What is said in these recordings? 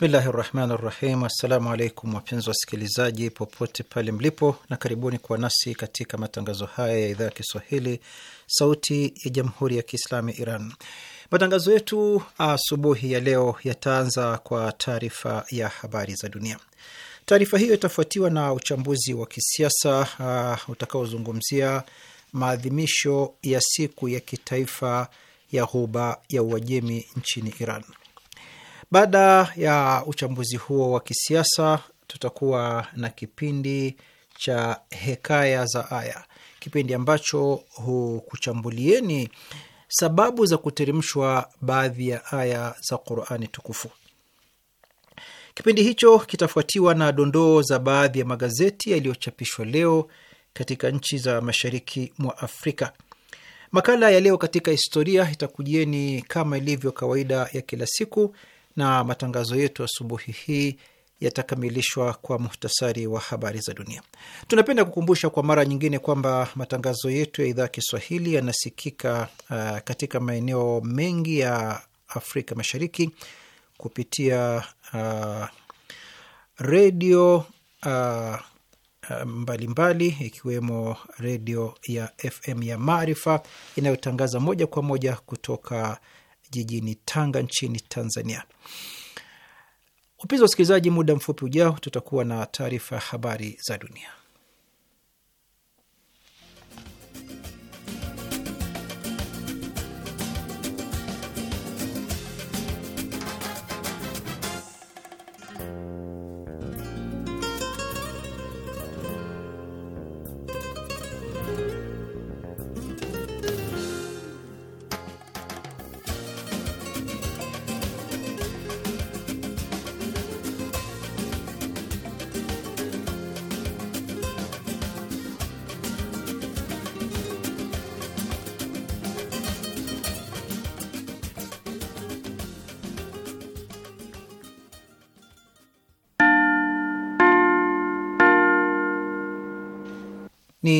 Bismillahi rahmani rahim. Assalamu alaikum wapenzi wasikilizaji popote pale mlipo, na karibuni kwa nasi katika matangazo haya ya idhaa ya Kiswahili sauti ya jamhuri ya Kiislamu ya Iran. Matangazo yetu asubuhi ya leo yataanza kwa taarifa ya habari za dunia. Taarifa hiyo itafuatiwa na uchambuzi wa kisiasa uh, utakaozungumzia maadhimisho ya siku ya kitaifa ya Ghuba ya Uajemi nchini Iran. Baada ya uchambuzi huo wa kisiasa, tutakuwa na kipindi cha Hekaya za Aya, kipindi ambacho hukuchambulieni sababu za kuteremshwa baadhi ya aya za Qurani Tukufu. Kipindi hicho kitafuatiwa na dondoo za baadhi ya magazeti yaliyochapishwa leo katika nchi za mashariki mwa Afrika. Makala ya leo katika historia itakujieni kama ilivyo kawaida ya kila siku na matangazo yetu asubuhi hii yatakamilishwa kwa muhtasari wa habari za dunia. Tunapenda kukumbusha kwa mara nyingine kwamba matangazo yetu ya idhaa ya Kiswahili yanasikika uh, katika maeneo mengi ya Afrika Mashariki kupitia uh, redio uh, uh mbalimbali ikiwemo redio ya FM ya Maarifa inayotangaza moja kwa moja kutoka jijini Tanga nchini Tanzania. Upinzi wa usikilizaji, muda mfupi ujao tutakuwa na taarifa ya habari za dunia.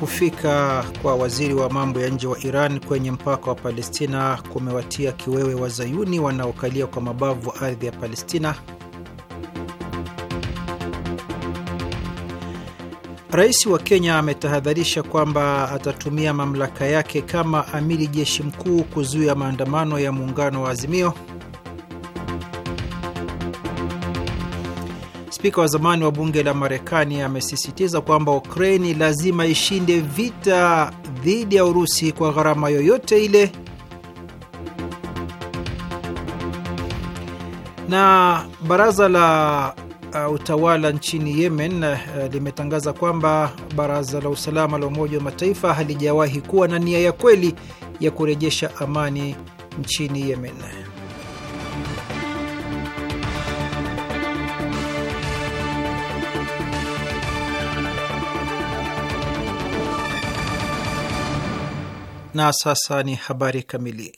Kufika kwa waziri wa mambo ya nje wa Iran kwenye mpaka wa Palestina kumewatia kiwewe wazayuni wanaokalia kwa mabavu ardhi ya Palestina. Rais wa Kenya ametahadharisha kwamba atatumia mamlaka yake kama amiri jeshi mkuu kuzuia maandamano ya muungano wa Azimio. Spika wa zamani wa bunge la Marekani amesisitiza kwamba Ukraini lazima ishinde vita dhidi ya Urusi kwa gharama yoyote ile. Na baraza la uh, utawala nchini Yemen uh, limetangaza kwamba baraza la usalama la Umoja wa Mataifa halijawahi kuwa na nia ya kweli ya kurejesha amani nchini Yemen. Na sasa ni habari kamili.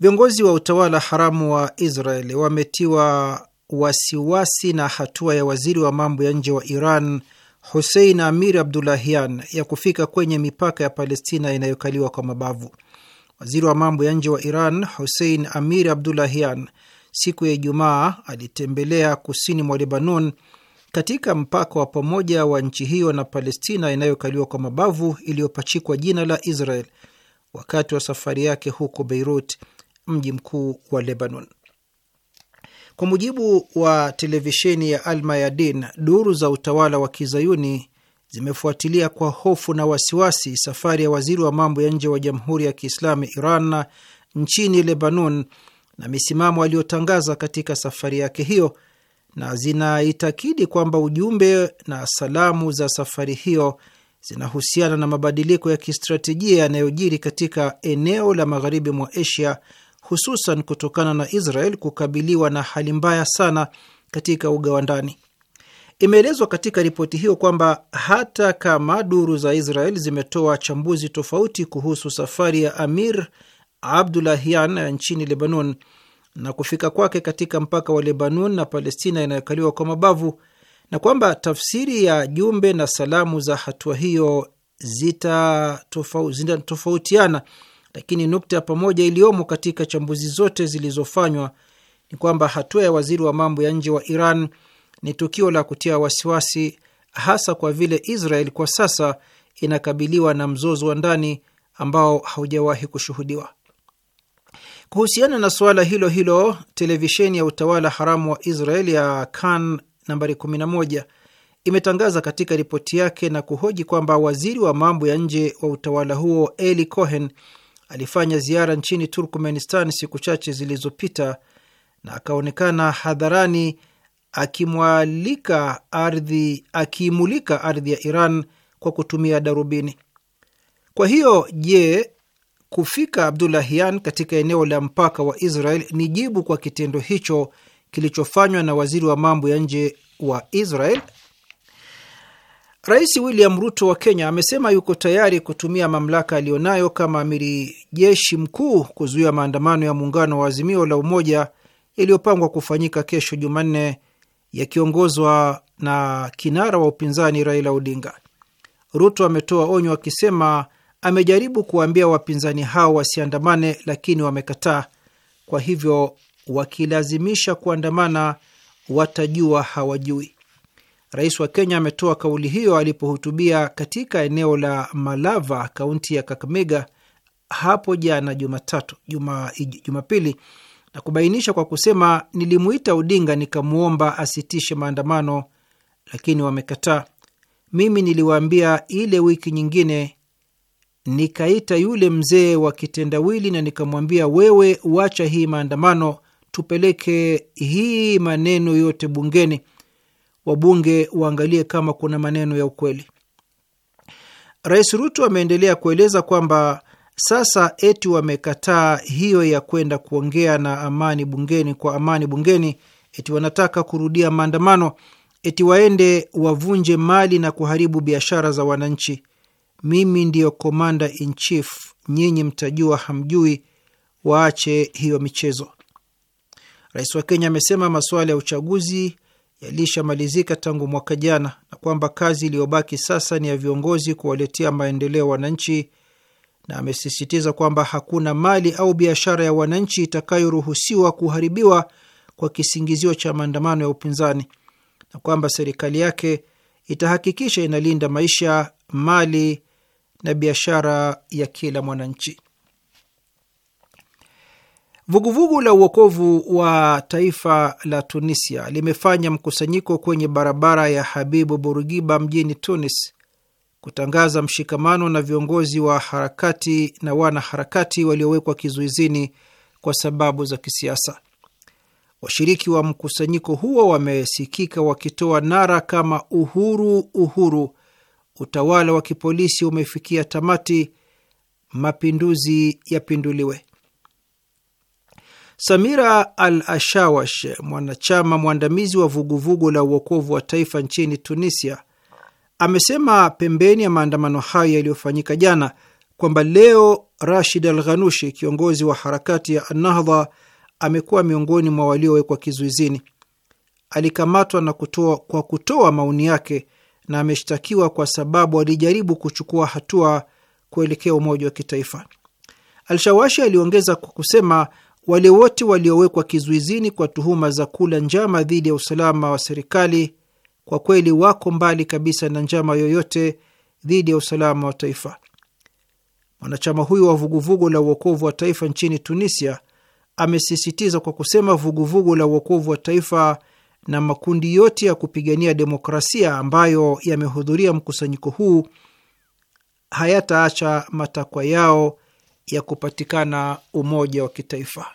Viongozi wa utawala haramu wa Israel wametiwa wasiwasi na hatua ya waziri wa mambo ya nje wa Iran Hussein Amir Abdulahian ya kufika kwenye mipaka ya Palestina inayokaliwa kwa mabavu. Waziri wa mambo ya nje wa Iran Hussein Amir Abdulahian siku ya Ijumaa alitembelea kusini mwa Lebanon katika mpaka wa pamoja wa nchi hiyo na Palestina inayokaliwa kwa mabavu iliyopachikwa jina la Israel wakati wa safari yake huko Beirut, mji mkuu wa Lebanon. Kwa mujibu wa televisheni ya Al duru za utawala wa kizayuni zimefuatilia kwa hofu na wasiwasi safari ya waziri wa mambo ya nje wa Jamhuri ya Kiislamu Iran nchini Lebanon na misimamo aliyotangaza katika safari yake hiyo, na zinaitakidi kwamba ujumbe na salamu za safari hiyo zinahusiana na mabadiliko ya kistratejia yanayojiri katika eneo la magharibi mwa Asia, hususan kutokana na Israel kukabiliwa na hali mbaya sana katika uga wa ndani. Imeelezwa katika ripoti hiyo kwamba hata kama duru za Israel zimetoa chambuzi tofauti kuhusu safari ya Amir Abdulahian nchini Lebanon na kufika kwake katika mpaka wa Lebanon na Palestina inayokaliwa kwa mabavu na kwamba tafsiri ya jumbe na salamu za hatua hiyo zitatofautiana, lakini nukta ya pamoja iliyomo katika chambuzi zote zilizofanywa ni kwamba hatua ya waziri wa mambo ya nje wa Iran ni tukio la kutia wasiwasi, hasa kwa vile Israel kwa sasa inakabiliwa na mzozo wa ndani ambao haujawahi kushuhudiwa. Kuhusiana na suala hilo hilo, televisheni ya utawala haramu wa Israel ya Kan nambari 11 imetangaza katika ripoti yake na kuhoji kwamba waziri wa mambo ya nje wa utawala huo Eli Cohen alifanya ziara nchini Turkmenistan siku chache zilizopita na akaonekana hadharani akimwalika ardhi akiimulika ardhi ya Iran kwa kutumia darubini. Kwa hiyo, je, kufika Abdulahian katika eneo la mpaka wa Israel ni jibu kwa kitendo hicho kilichofanywa na waziri wa mambo ya nje wa Israel, Rais William Ruto wa Kenya amesema yuko tayari kutumia mamlaka aliyonayo kama amiri jeshi mkuu kuzuia maandamano ya muungano wa Azimio la Umoja yaliyopangwa kufanyika kesho Jumanne, yakiongozwa na kinara wa upinzani Raila Odinga. Ruto ametoa onyo akisema amejaribu kuwaambia wapinzani hao wasiandamane, lakini wamekataa. Kwa hivyo wakilazimisha kuandamana watajua hawajui. Rais wa Kenya ametoa kauli hiyo alipohutubia katika eneo la Malava, kaunti ya Kakamega hapo jana Jumatatu, Jumapili, na kubainisha kwa kusema, nilimuita Odinga nikamwomba asitishe maandamano, lakini wamekataa. Mimi niliwaambia ile wiki nyingine nikaita yule mzee wa kitendawili na nikamwambia, wewe wacha hii maandamano, tupeleke hii maneno yote bungeni, wabunge waangalie kama kuna maneno ya ukweli. Rais Ruto ameendelea kueleza kwamba sasa eti wamekataa hiyo ya kwenda kuongea na amani bungeni, kwa amani bungeni, eti wanataka kurudia maandamano, eti waende wavunje mali na kuharibu biashara za wananchi. Mimi ndiyo komanda in chief, nyinyi mtajua hamjui. Waache hiyo michezo. Rais wa Kenya amesema masuala ya uchaguzi yalishamalizika tangu mwaka jana na kwamba kazi iliyobaki sasa ni ya viongozi kuwaletea maendeleo wananchi, na amesisitiza kwamba hakuna mali au biashara ya wananchi itakayoruhusiwa kuharibiwa kwa kisingizio cha maandamano ya upinzani, na kwamba serikali yake itahakikisha inalinda maisha, mali na biashara ya kila mwananchi. Vuguvugu la uokovu wa taifa la Tunisia limefanya mkusanyiko kwenye barabara ya Habibu burugiba mjini Tunis kutangaza mshikamano na viongozi wa harakati na wanaharakati waliowekwa kizuizini kwa sababu za kisiasa. Washiriki wa mkusanyiko huo wamesikika wakitoa nara kama uhuru, uhuru, utawala wa kipolisi umefikia tamati, mapinduzi yapinduliwe. Samira Al Ashawash, mwanachama mwandamizi wa vuguvugu la uokovu wa taifa nchini Tunisia, amesema pembeni ya maandamano hayo yaliyofanyika jana kwamba leo Rashid Al Ghanushi, kiongozi wa harakati ya Anahdha, amekuwa miongoni mwa waliowekwa kizuizini. Alikamatwa na kutoa, kwa kutoa maoni yake na ameshtakiwa kwa sababu alijaribu kuchukua hatua kuelekea umoja wa kitaifa. Alshawashi aliongeza kwa kusema wale wote waliowekwa kizuizini kwa tuhuma za kula njama dhidi ya usalama wa serikali kwa kweli wako mbali kabisa na njama yoyote dhidi ya usalama wa taifa. Mwanachama huyo wa vuguvugu la uokovu wa taifa nchini Tunisia amesisitiza kwa kusema, vuguvugu la uokovu wa taifa na makundi yote ya kupigania demokrasia ambayo yamehudhuria mkusanyiko huu hayataacha matakwa yao ya kupatikana umoja wa kitaifa.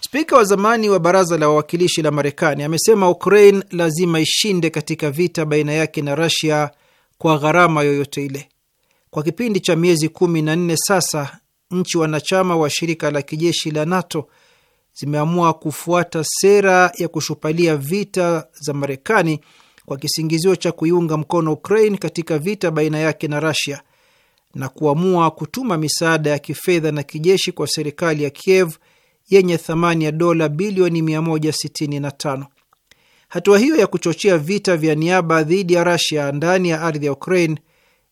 Spika wa zamani wa baraza la wawakilishi la Marekani amesema Ukraine lazima ishinde katika vita baina yake na rasia kwa gharama yoyote ile. Kwa kipindi cha miezi kumi na nne sasa, nchi wanachama wa shirika la kijeshi la NATO zimeamua kufuata sera ya kushupalia vita za Marekani kwa kisingizio cha kuiunga mkono Ukraine katika vita baina yake na rusia na kuamua kutuma misaada ya kifedha na kijeshi kwa serikali ya Kiev yenye thamani ya dola bilioni 165. Hatua hiyo ya kuchochea vita vya niaba dhidi ya rasia ndani ya ardhi ya Ukraine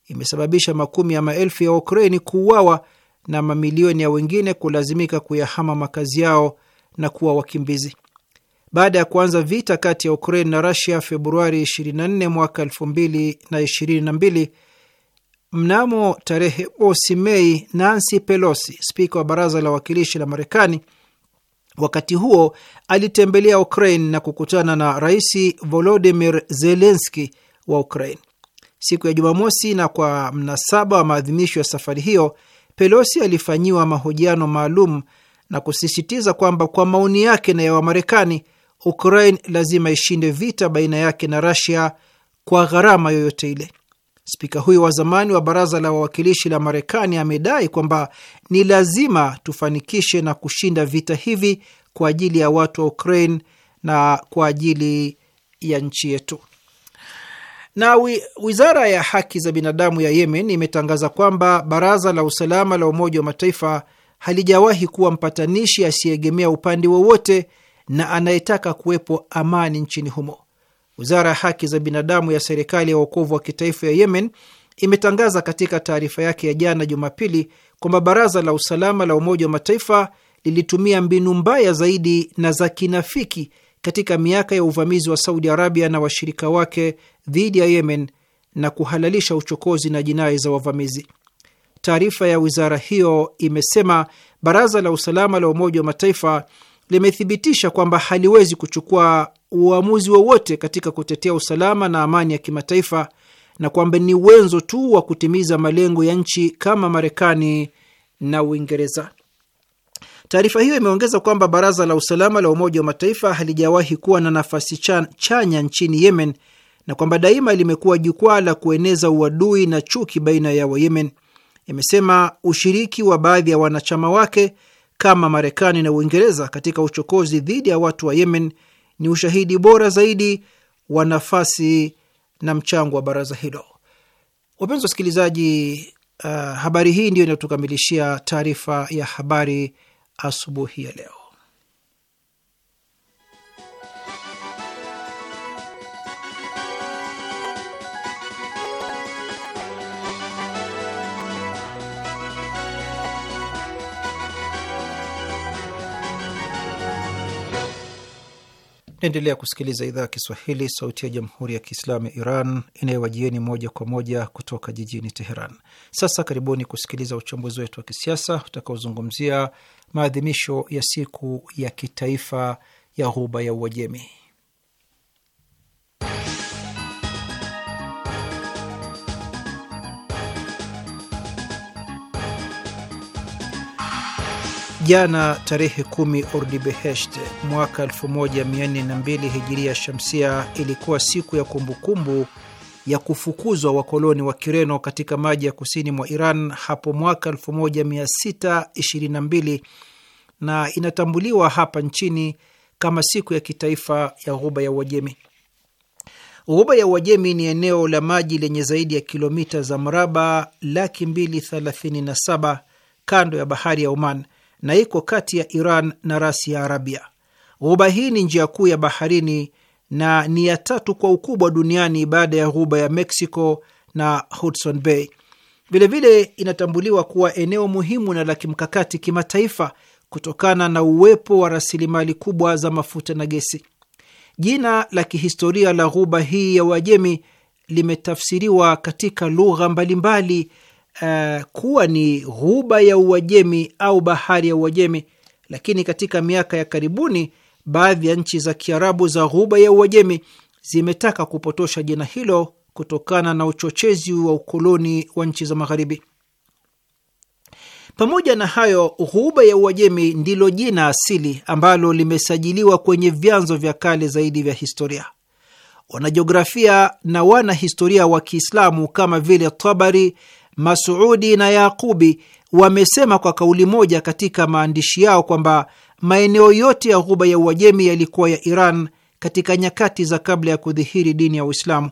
imesababisha makumi ya maelfu ya Ukraini kuuawa na mamilioni ya wengine kulazimika kuyahama makazi yao na kuwa wakimbizi. Baada ya kuanza vita kati ya Ukraine na Russia Februari 24 mwaka 2022, Mnamo tarehe mosi Mei, Nancy Pelosi, spika wa baraza la wawakilishi la Marekani, wakati huo alitembelea Ukraine na kukutana na Rais Volodimir Zelenski wa Ukraine siku ya Jumamosi, na kwa mnasaba wa maadhimisho ya safari hiyo, Pelosi alifanyiwa mahojiano maalum na kusisitiza kwamba kwa maoni yake na ya Wamarekani, Ukraine lazima ishinde vita baina yake na rasia kwa gharama yoyote ile. Spika huyo wa zamani wa baraza la wawakilishi la Marekani amedai kwamba ni lazima tufanikishe na kushinda vita hivi kwa ajili ya watu wa Ukraine na kwa ajili ya nchi yetu. Na wizara ya haki za binadamu ya Yemen imetangaza kwamba baraza la usalama la Umoja wa Mataifa halijawahi kuwa mpatanishi asiyeegemea upande wowote na anayetaka kuwepo amani nchini humo. Wizara ya haki za binadamu ya serikali ya uokovu wa kitaifa ya Yemen imetangaza katika taarifa yake ya jana Jumapili kwamba baraza la usalama la Umoja wa Mataifa lilitumia mbinu mbaya zaidi na za kinafiki katika miaka ya uvamizi wa Saudi Arabia na washirika wake dhidi ya Yemen na kuhalalisha uchokozi na jinai za wavamizi. Taarifa ya wizara hiyo imesema baraza la usalama la Umoja wa Mataifa limethibitisha kwamba haliwezi kuchukua uamuzi wowote katika kutetea usalama na amani ya kimataifa na kwamba ni wenzo tu wa kutimiza malengo ya nchi kama Marekani na Uingereza. Taarifa hiyo imeongeza kwamba baraza la usalama la Umoja wa Mataifa halijawahi kuwa na nafasi chan, chanya nchini Yemen na kwamba daima limekuwa jukwaa la kueneza uadui na chuki baina ya Wayemen. Imesema ushiriki wa baadhi ya wanachama wake kama Marekani na Uingereza katika uchokozi dhidi ya watu wa Yemen ni ushahidi bora zaidi wa nafasi na mchango wa baraza hilo. Wapenzi wasikilizaji, uh, habari hii ndiyo inayotukamilishia taarifa ya habari asubuhi ya leo. Naendelea kusikiliza idhaa ya Kiswahili, sauti ya jamhuri ya kiislamu ya Iran inayowajieni moja kwa moja kutoka jijini Teheran. Sasa karibuni kusikiliza uchambuzi wetu wa kisiasa utakaozungumzia maadhimisho ya siku ya kitaifa ya ghuba ya Uajemi. Jana tarehe kumi Ordibehesht mwaka 1402 hijiria shamsia ilikuwa siku ya kumbukumbu kumbu ya kufukuzwa wakoloni wa Kireno katika maji ya kusini mwa Iran hapo mwaka 1622 na inatambuliwa hapa nchini kama siku ya kitaifa ya Ghuba ya Uajemi. Ghuba ya Uajemi ni eneo la maji lenye zaidi ya kilomita za mraba laki mbili thelathini na saba kando ya bahari ya Oman na iko kati ya Iran na rasi ya Arabia. Ghuba hii ni njia kuu ya baharini na ni ya tatu kwa ukubwa duniani baada ya ghuba ya Mexico na Hudson Bay. Vilevile inatambuliwa kuwa eneo muhimu na la kimkakati kimataifa kutokana na uwepo wa rasilimali kubwa za mafuta na gesi. Jina la kihistoria la ghuba hii ya Uajemi limetafsiriwa katika lugha mbalimbali uh, kuwa ni ghuba ya Uajemi au bahari ya Uajemi, lakini katika miaka ya karibuni baadhi ya nchi za Kiarabu za ghuba ya Uajemi zimetaka kupotosha jina hilo kutokana na uchochezi wa ukoloni wa nchi za Magharibi. Pamoja na hayo, ghuba ya Uajemi ndilo jina asili ambalo limesajiliwa kwenye vyanzo vya kale zaidi vya historia. Wanajiografia na wanahistoria wa Kiislamu kama vile Tabari Masuudi na Yaqubi wamesema kwa kauli moja katika maandishi yao kwamba maeneo yote ya ghuba ya Uajemi yalikuwa ya Iran katika nyakati za kabla ya kudhihiri dini ya Uislamu.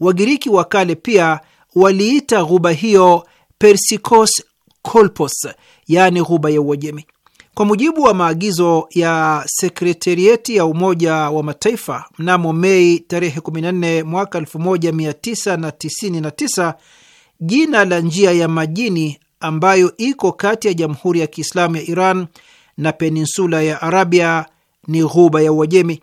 Wagiriki wa kale pia waliita ghuba hiyo Persikos Kolpos, yaani ghuba ya Uajemi. Kwa mujibu wa maagizo ya sekretarieti ya Umoja wa Mataifa mnamo Mei tarehe 14 mwaka 1999 jina la njia ya majini ambayo iko kati ya Jamhuri ya Kiislamu ya Iran na peninsula ya Arabia ni Ghuba ya Uajemi,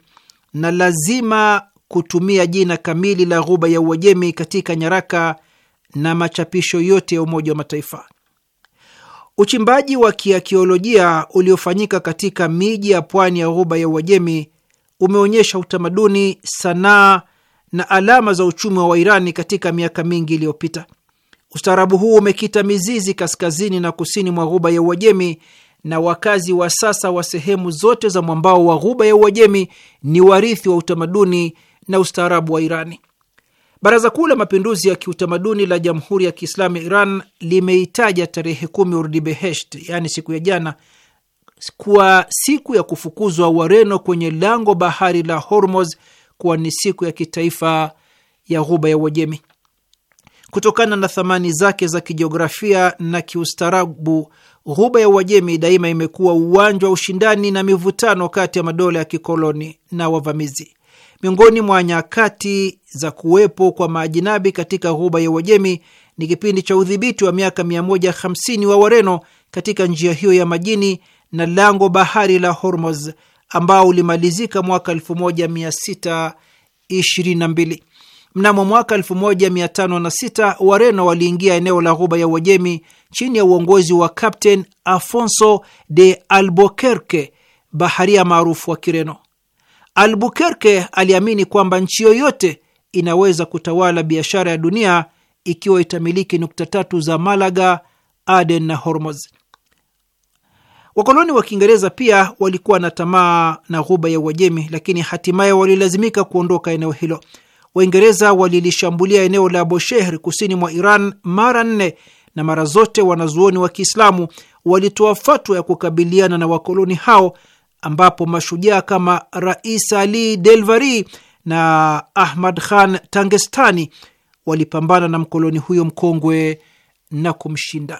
na lazima kutumia jina kamili la Ghuba ya Uajemi katika nyaraka na machapisho yote ya Umoja wa Mataifa. Uchimbaji wa kiakiolojia uliofanyika katika miji ya pwani ya Ghuba ya Uajemi umeonyesha utamaduni, sanaa na alama za uchumi wa Wairani katika miaka mingi iliyopita. Ustaarabu huu umekita mizizi kaskazini na kusini mwa ghuba ya Uajemi, na wakazi wa sasa wa sehemu zote za mwambao wa ghuba ya Uajemi ni warithi wa utamaduni na ustaarabu wa Irani. Baraza Kuu la Mapinduzi ya Kiutamaduni la Jamhuri ya Kiislamu ya Iran limeitaja tarehe kumi Urdibehesht, yaani siku ya jana, kuwa siku ya kufukuzwa Wareno kwenye lango bahari la Hormuz kuwa ni siku ya kitaifa ya ghuba ya Uajemi. Kutokana na thamani zake za kijiografia na kiustarabu, ghuba ya Uajemi daima imekuwa uwanja wa ushindani na mivutano kati ya madola ya kikoloni na wavamizi. Miongoni mwa nyakati za kuwepo kwa maajinabi katika ghuba ya Uajemi ni kipindi cha udhibiti wa miaka 150 wa Wareno katika njia hiyo ya majini na lango bahari la Hormuz ambao ulimalizika mwaka 1622. Mnamo mwaka 1506 Wareno waliingia eneo la ghuba ya Uajemi chini ya uongozi wa Captain Afonso de Albuquerque, baharia maarufu wa Kireno. Albuquerque aliamini kwamba nchi yoyote inaweza kutawala biashara ya dunia ikiwa itamiliki nukta tatu za Malaga, Aden na Hormuz. Wakoloni wa Kiingereza pia walikuwa na tamaa na ghuba ya Uajemi, lakini hatimaye walilazimika kuondoka eneo hilo. Waingereza walilishambulia eneo la Boshehr kusini mwa Iran mara nne, na mara zote wanazuoni wa Kiislamu walitoa fatwa ya kukabiliana na wakoloni hao, ambapo mashujaa kama Rais Ali Delvari na Ahmad Khan Tangestani walipambana na mkoloni huyo mkongwe na kumshinda.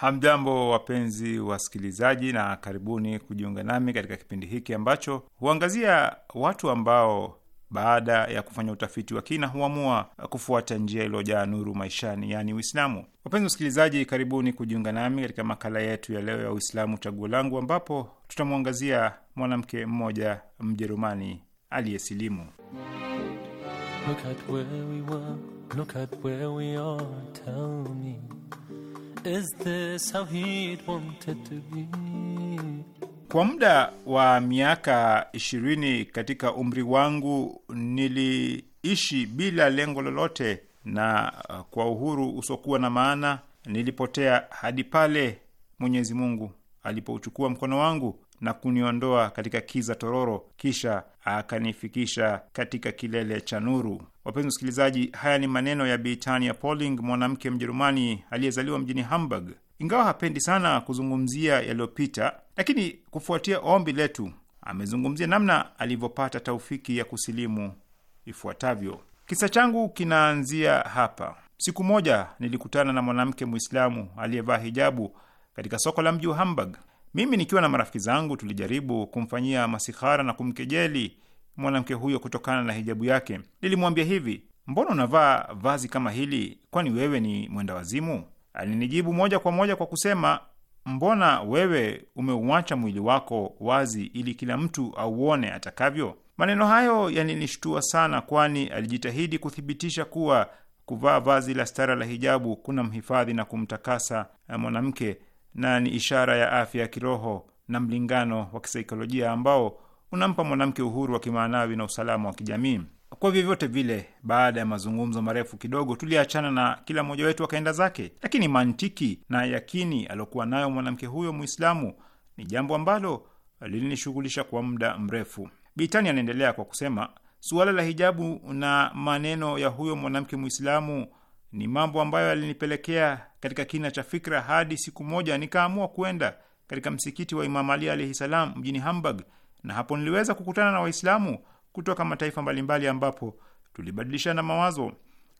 Hamjambo, wapenzi wasikilizaji, na karibuni kujiunga nami katika kipindi hiki ambacho huangazia watu ambao baada ya kufanya utafiti wa kina huamua kufuata njia iliyojaa nuru maishani, yaani Uislamu. Wapenzi wasikilizaji, karibuni kujiunga nami katika makala yetu ya leo ya Uislamu Chaguo Langu, ambapo tutamwangazia mwanamke mmoja Mjerumani aliyesilimu. Look at where we were, look at where we are, tell me. Is this how he'd wanted to be? Kwa muda wa miaka ishirini katika umri wangu niliishi bila lengo lolote na uh, kwa uhuru usiokuwa na maana. Nilipotea hadi pale Mwenyezi Mungu alipouchukua mkono wangu na kuniondoa katika kiza tororo, kisha akanifikisha katika kilele cha nuru. Wapenzi wasikilizaji, haya ni maneno ya Bitania Poling, mwanamke Mjerumani aliyezaliwa mjini Hamburg. Ingawa hapendi sana kuzungumzia yaliyopita, lakini kufuatia ombi letu amezungumzia namna alivyopata taufiki ya kusilimu ifuatavyo. Kisa changu kinaanzia hapa. Siku moja nilikutana na mwanamke Mwislamu aliyevaa hijabu katika soko la mji wa Hamburg. Mimi nikiwa na marafiki zangu tulijaribu kumfanyia masihara na kumkejeli mwanamke huyo kutokana na hijabu yake. Nilimwambia hivi, mbona unavaa vazi kama hili? Kwani wewe ni mwenda wazimu? Alinijibu moja kwa moja kwa kusema, mbona wewe umeuacha mwili wako wazi ili kila mtu auone atakavyo? Maneno hayo yalinishtua sana, kwani alijitahidi kuthibitisha kuwa kuvaa vazi la stara la hijabu kuna mhifadhi na kumtakasa mwanamke na ni ishara ya afya ya kiroho na mlingano wa kisaikolojia ambao unampa mwanamke uhuru wa kimaanawi na usalama wa kijamii. Kwa vyovyote vile, baada ya mazungumzo marefu kidogo, tuliachana na kila mmoja wetu akaenda zake, lakini mantiki na yakini aliokuwa nayo mwanamke huyo Muislamu ni jambo ambalo lilinishughulisha kwa muda mrefu. Bitani anaendelea kwa kusema, suala la hijabu na maneno ya huyo mwanamke Muislamu ni mambo ambayo yalinipelekea katika kina cha fikra hadi siku moja nikaamua kuenda katika msikiti wa Imam Ali alaihi salam mjini Hamburg, na hapo niliweza kukutana na Waislamu kutoka mataifa mbalimbali ambapo tulibadilishana mawazo.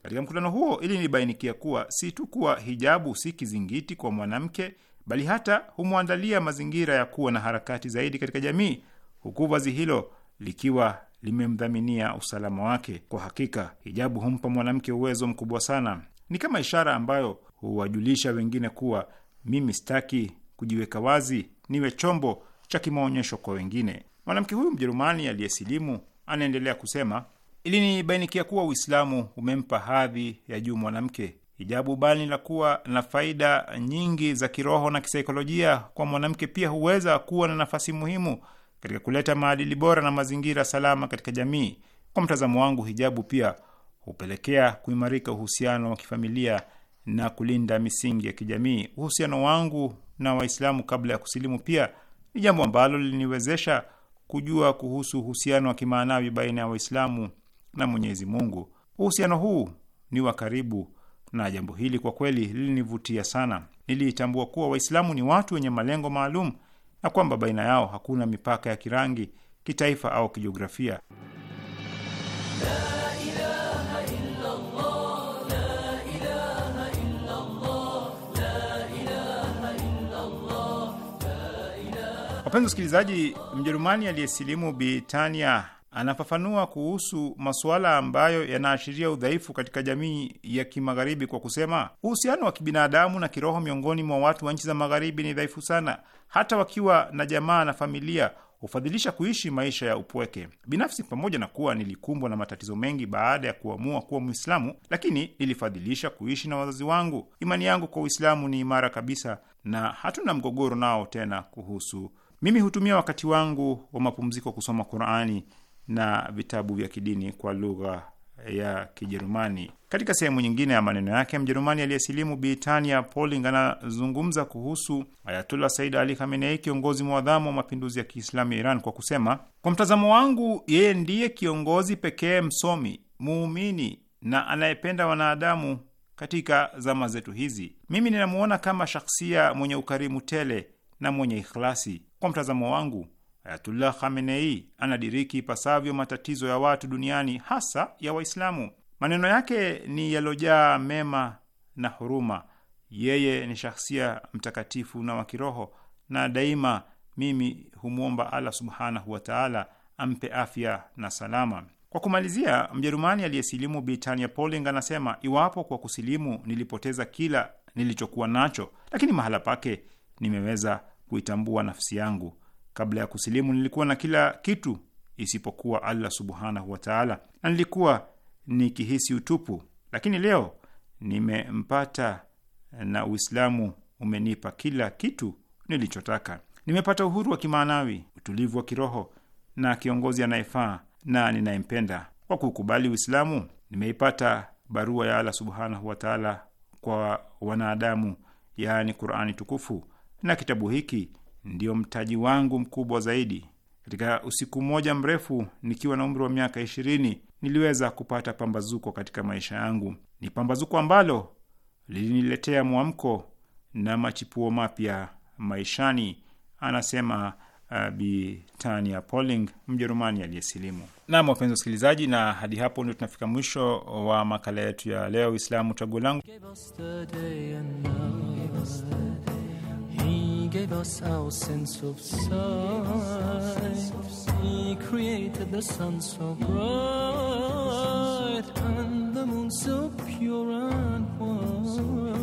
Katika mkutano huo ili nilibainikia kuwa si tu kuwa hijabu si kizingiti kwa mwanamke, bali hata humwandalia mazingira ya kuwa na harakati zaidi katika jamii, huku vazi hilo likiwa limemdhaminia usalama wake. Kwa hakika hijabu humpa mwanamke uwezo mkubwa sana, ni kama ishara ambayo huwajulisha wengine kuwa mimi sitaki kujiweka wazi, niwe chombo cha kimaonyesho kwa wengine. Mwanamke huyu Mjerumani aliyesilimu anaendelea kusema, ilinibainikia kuwa Uislamu umempa hadhi ya juu mwanamke. Hijabu bali la kuwa na faida nyingi za kiroho na kisaikolojia kwa mwanamke, pia huweza kuwa na nafasi muhimu katika kuleta maadili bora na mazingira salama katika jamii. Kwa mtazamo wangu, hijabu pia hupelekea kuimarika uhusiano wa kifamilia na kulinda misingi ya kijamii. Uhusiano wangu na Waislamu kabla ya kusilimu pia ni jambo ambalo liliniwezesha kujua kuhusu uhusiano wa kimaanawi baina ya Waislamu na Mwenyezi Mungu. Uhusiano huu ni wa karibu na jambo hili kwa kweli lilinivutia sana. Niliitambua kuwa Waislamu ni watu wenye malengo maalum na kwamba baina yao hakuna mipaka ya kirangi, kitaifa au kijiografia. Wapenzi wasikilizaji, Mjerumani aliyesilimu britania anafafanua kuhusu masuala ambayo yanaashiria udhaifu katika jamii ya kimagharibi kwa kusema, uhusiano wa kibinadamu na kiroho miongoni mwa watu wa nchi za magharibi ni dhaifu sana. Hata wakiwa na jamaa na familia hufadhilisha kuishi maisha ya upweke. Binafsi, pamoja na kuwa nilikumbwa na matatizo mengi baada ya kuamua kuwa Mwislamu, lakini nilifadhilisha kuishi na wazazi wangu. Imani yangu kwa Uislamu ni imara kabisa na hatuna mgogoro nao tena kuhusu. Mimi hutumia wakati wangu wa mapumziko kusoma Qurani na vitabu vya kidini kwa lugha ya Kijerumani. Katika sehemu nyingine ya maneno yake, Mjerumani aliyesilimu Britania Poling anazungumza kuhusu Ayatullah Said Ali Khamenei, kiongozi mwadhamu wa mapinduzi ya Kiislamu ya Iran kwa kusema, kwa mtazamo wangu, yeye ndiye kiongozi pekee msomi, muumini na anayependa wanadamu katika zama zetu hizi. Mimi ninamuona kama shakhsia mwenye ukarimu tele na mwenye ikhlasi. Kwa mtazamo wangu Ayatullah Khamenei anadiriki pasavyo matatizo ya watu duniani, hasa ya Waislamu. Maneno yake ni yalojaa mema na huruma. Yeye ni shahsia mtakatifu na wa kiroho, na daima mimi humwomba Allah subhanahu wataala ampe afya na salama. Kwa kumalizia, Mjerumani aliyesilimu Britania Poling anasema iwapo kwa kusilimu nilipoteza kila nilichokuwa nacho, lakini mahala pake nimeweza kuitambua nafsi yangu Kabla ya kusilimu nilikuwa na kila kitu isipokuwa Allah subhanahu wataala, na nilikuwa nikihisi utupu, lakini leo nimempata na Uislamu umenipa kila kitu nilichotaka. Nimepata uhuru wa kimaanawi, utulivu wa kiroho na kiongozi anayefaa na ninayempenda. Kwa kukubali Uislamu nimeipata barua ya Allah subhanahu wataala kwa wanadamu, yaani Qurani tukufu, na kitabu hiki ndio mtaji wangu mkubwa zaidi. Katika usiku mmoja mrefu nikiwa na umri wa miaka ishirini niliweza kupata pambazuko katika maisha yangu. Ni pambazuko ambalo liliniletea mwamko na machipuo mapya maishani, anasema uh, Bi Tania Poling, Mjerumani aliyesilimu. Nam, wapenzi wasikilizaji, na hadi hapo ndio tunafika mwisho wa makala yetu ya leo, Uislamu Chaguo Langu. gave us our sense of sight. He created the sun so bright and the moon so pure and white.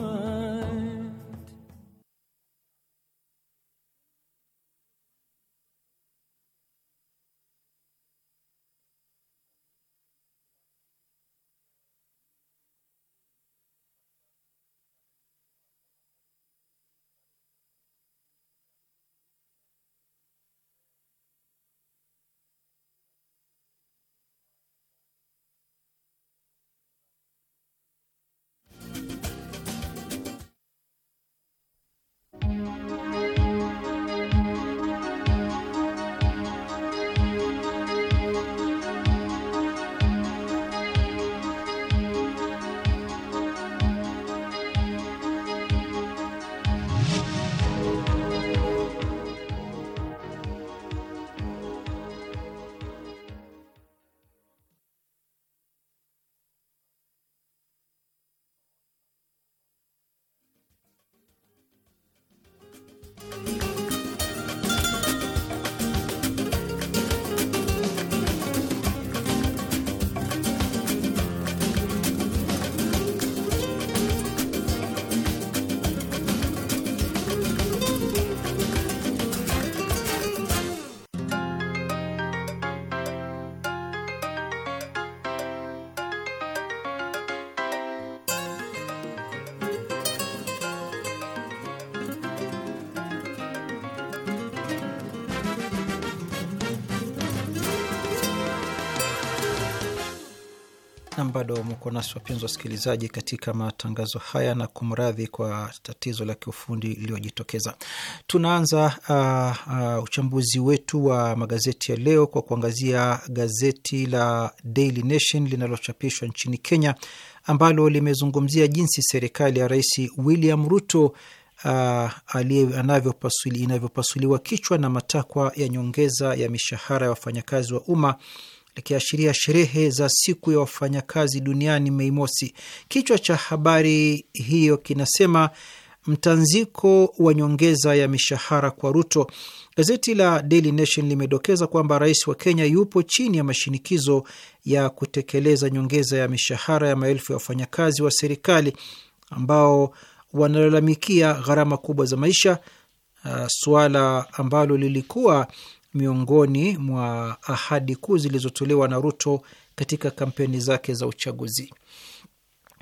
bado mko nasi wapenzi wasikilizaji, katika matangazo haya, na kumradhi kwa tatizo la kiufundi iliyojitokeza. Tunaanza uh, uh, uchambuzi wetu wa magazeti ya leo kwa kuangazia gazeti la Daily Nation linalochapishwa nchini Kenya ambalo limezungumzia jinsi serikali ya Rais William Ruto Uh, inavyopasuliwa kichwa na matakwa ya nyongeza ya mishahara ya wafanyakazi wa umma likiashiria sherehe za siku ya wafanyakazi duniani Mei Mosi. Kichwa cha habari hiyo kinasema mtanziko wa nyongeza ya mishahara kwa Ruto. Gazeti la Daily Nation limedokeza kwamba rais wa Kenya yupo chini ya mashinikizo ya kutekeleza nyongeza ya mishahara ya maelfu ya wafanyakazi wa serikali ambao wanalalamikia gharama kubwa za maisha, uh, suala ambalo lilikuwa miongoni mwa ahadi kuu zilizotolewa na Ruto katika kampeni zake za uchaguzi.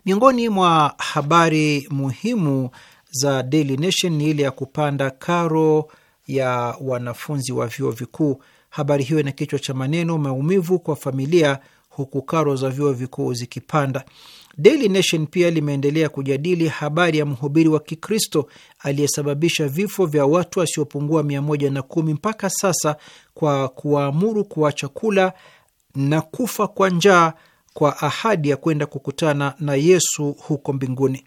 Miongoni mwa habari muhimu za Daily Nation ni ile ya kupanda karo ya wanafunzi wa vyuo vikuu. Habari hiyo ina kichwa cha maneno maumivu kwa familia, huku karo za vyuo vikuu zikipanda. Daily Nation pia limeendelea kujadili habari ya mhubiri wa Kikristo aliyesababisha vifo vya watu wasiopungua 110 mpaka sasa kwa kuwaamuru kuacha kula na kufa kwa njaa kwa ahadi ya kwenda kukutana na Yesu huko mbinguni.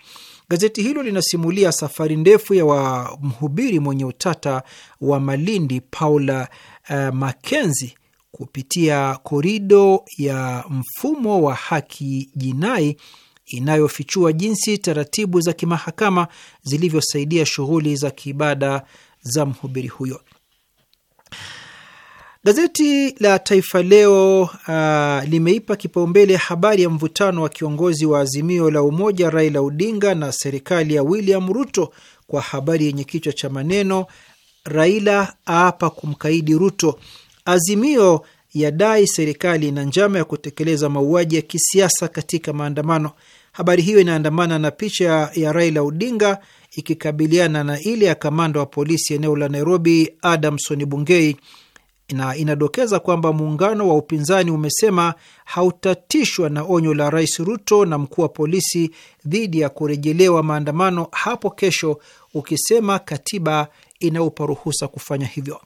Gazeti hilo linasimulia safari ndefu ya wa mhubiri mwenye utata wa Malindi Paula uh, eh, Makenzi kupitia korido ya mfumo wa haki jinai inayofichua jinsi taratibu za kimahakama zilivyosaidia shughuli za kiibada za mhubiri huyo. Gazeti la Taifa Leo uh, limeipa kipaumbele habari ya mvutano wa kiongozi wa Azimio la Umoja Raila Odinga na serikali ya William Ruto kwa habari yenye kichwa cha maneno Raila aapa kumkaidi Ruto. Azimio yadai serikali ina njama ya kutekeleza mauaji ya kisiasa katika maandamano. Habari hiyo inaandamana na picha ya Raila Odinga ikikabiliana na ile ya kamanda wa polisi eneo la Nairobi, Adamson Bungei, na inadokeza kwamba muungano wa upinzani umesema hautatishwa na onyo la Rais Ruto na mkuu wa polisi dhidi ya kurejelewa maandamano hapo kesho, ukisema katiba inaupa ruhusa kufanya hivyo.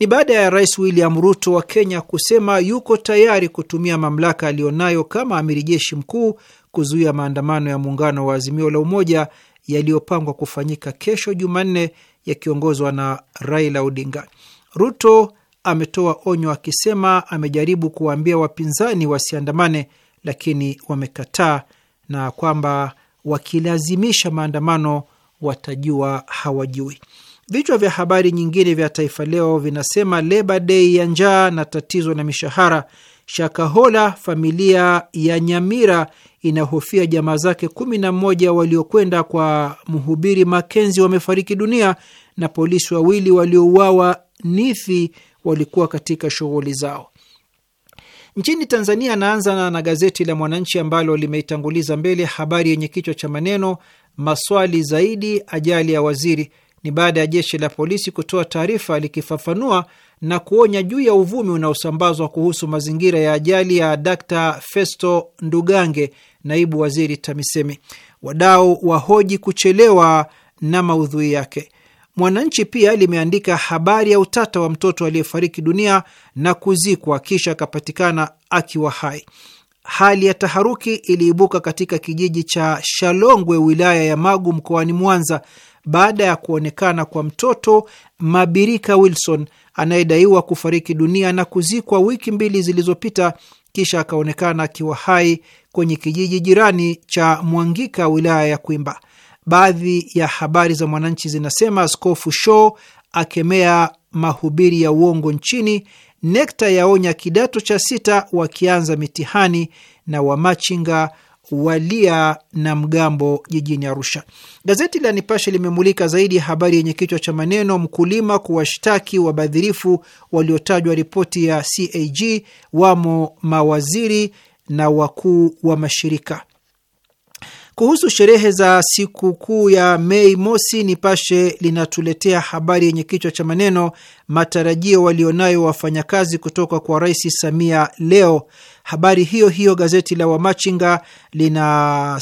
Ni baada ya Rais William Ruto wa Kenya kusema yuko tayari kutumia mamlaka aliyonayo kama amiri jeshi mkuu kuzuia maandamano ya muungano wa Azimio la Umoja yaliyopangwa kufanyika kesho Jumanne, yakiongozwa na Raila Odinga. Ruto ametoa onyo akisema amejaribu kuwaambia wapinzani wasiandamane, lakini wamekataa na kwamba wakilazimisha maandamano watajua hawajui. Vichwa vya habari nyingine vya Taifa Leo vinasema Leba Dei ya njaa na tatizo la mishahara, Shakahola, familia ya Nyamira inahofia jamaa zake kumi na mmoja waliokwenda kwa mhubiri Makenzi wamefariki dunia, na polisi wawili waliouawa Nithi walikuwa katika shughuli zao. Nchini Tanzania anaanza na gazeti la Mwananchi ambalo limeitanguliza mbele habari yenye kichwa cha maneno maswali zaidi ajali ya waziri ni baada ya jeshi la polisi kutoa taarifa likifafanua na kuonya juu ya uvumi unaosambazwa kuhusu mazingira ya ajali ya d Festo Ndugange, naibu waziri TAMISEMI. Wadau wahoji kuchelewa na maudhui yake. Mwananchi pia limeandika habari ya utata wa mtoto aliyefariki dunia na kuzikwa kisha akapatikana akiwa hai. Hali ya taharuki iliibuka katika kijiji cha Shalongwe, wilaya ya Magu, mkoani Mwanza, baada ya kuonekana kwa mtoto Mabirika Wilson anayedaiwa kufariki dunia na kuzikwa wiki mbili zilizopita, kisha akaonekana akiwa hai kwenye kijiji jirani cha Mwangika, wilaya ya Kwimba. Baadhi ya habari za Mwananchi zinasema Askofu Shaw akemea mahubiri ya uongo nchini, Nekta yaonya kidato cha sita wakianza mitihani, na wamachinga walia na mgambo jijini Arusha. Gazeti la Nipashe limemulika zaidi habari yenye kichwa cha maneno mkulima kuwashtaki wabadhirifu waliotajwa ripoti ya CAG, wamo mawaziri na wakuu wa mashirika. Kuhusu sherehe za sikukuu ya Mei Mosi, Nipashe linatuletea habari yenye kichwa cha maneno matarajio walionayo wafanyakazi kutoka kwa Rais Samia leo. Habari hiyo hiyo gazeti la Wamachinga lina,